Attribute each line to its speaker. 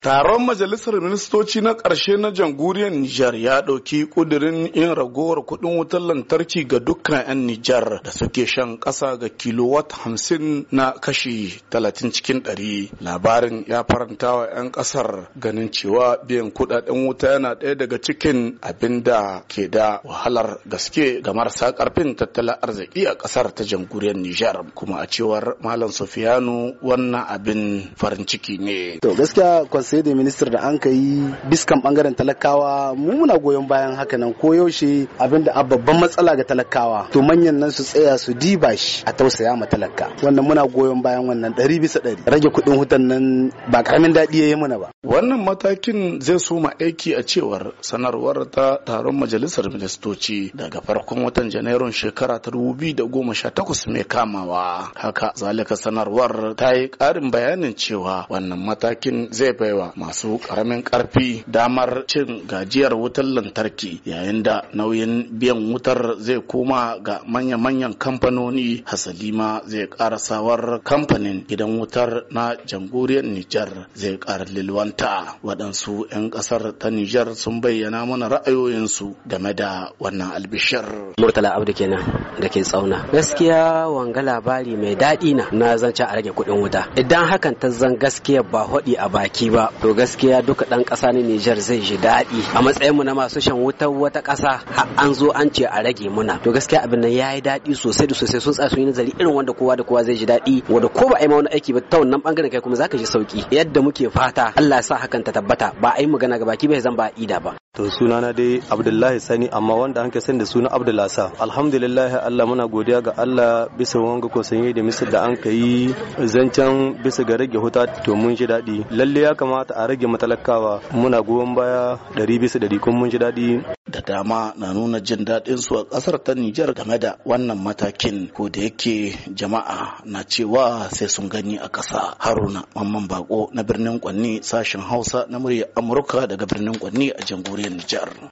Speaker 1: Taron Majalisar Ministoci na ƙarshe na jamhuriyar Nijar ya ɗauki ƙudurin yin ragowar kuɗin wutar lantarki ga dukkan 'yan Nijar da suke shan ƙasa ga kilowatt hamsin na kashi talatin cikin ɗari. Labarin ya faranta wa 'yan ƙasar ganin cewa biyan kuɗaɗen wuta yana ɗaya daga cikin abin da ke da wahalar gaske ga marasa ƙarfin tattalin arziki a ƙasar ta jamhuriyar Nijar. Kuma a cewar Malam Sofiyanu wannan abin farin ciki ne.
Speaker 2: To gaskiya sai da ministar da an ka yi biskan bangaren talakawa mu muna goyon bayan haka nan ko yaushe abinda a babban matsala ga talakawa to manyan nan su tsaya su diba shi a tausaya ma talaka wannan muna goyon bayan wannan ɗari bisa ɗari
Speaker 1: rage kuɗin hutan nan ba
Speaker 2: karamin daɗi ya yi mana ba.
Speaker 1: wannan matakin zai soma aiki a cewar sanarwar ta taron majalisar ministoci daga farkon watan janairun shekara ta takwas mai kamawa haka zalika sanarwar ta yi ƙarin bayanin cewa wannan matakin zai baiwa masu karamin karfi damar cin gajiyar wutar lantarki yayin da nauyin biyan wutar zai koma ga manya-manyan kamfanoni hasalima zai sawar kamfanin gidan wutar na jamhuriyar Nijar zai kara lilwanta waɗansu 'yan ƙasar ta Nijar sun bayyana mana ra'ayoyinsu game da
Speaker 3: wannan albishir. Murtala Abdu kenan da ke tsauna. Gaskiya wanga labari mai daɗi na na zance a rage kuɗin wuta. Idan hakan ta zan gaskiya ba haɗi a baki ba to gaskiya duka dan kasa ne Nijar zai ji daɗi a matsayin mu na masu shan wutar wata kasa har an zo an ce a rage muna to gaskiya abin nan yayi daɗi sosai da sosai sun tsaya sun yi nazari irin wanda kowa da kowa zai ji daɗi wanda ko ba a yi ma wani aiki ba ta wannan bangaren kai kuma zaka ji sauki yadda muke fata Allah ya sa hakan ta tabbata ba a yi magana ga baki bai zan ba ida ba
Speaker 4: to sunana dai abdullahi sani amma wanda an sani da suna abdulasa alhamdulillah allah muna godiya ga allah bisa wanga ko sanye da misal da an ka yi zancen bisa ga rage huta to mun ji daɗi lalle ya kamata kamata a rage matalakawa muna goyon baya ɗari bisa ɗari kun mun ji daɗi. Da dama na nuna
Speaker 1: jin daɗin su a ƙasar ta Nijar game da wannan matakin ko da yake jama'a na cewa sai sun gani a ƙasa. Haruna Mamman Bako na birnin Kwanni sashen Hausa na murya Amurka daga birnin Kwanni a jamhuriyar Nijar.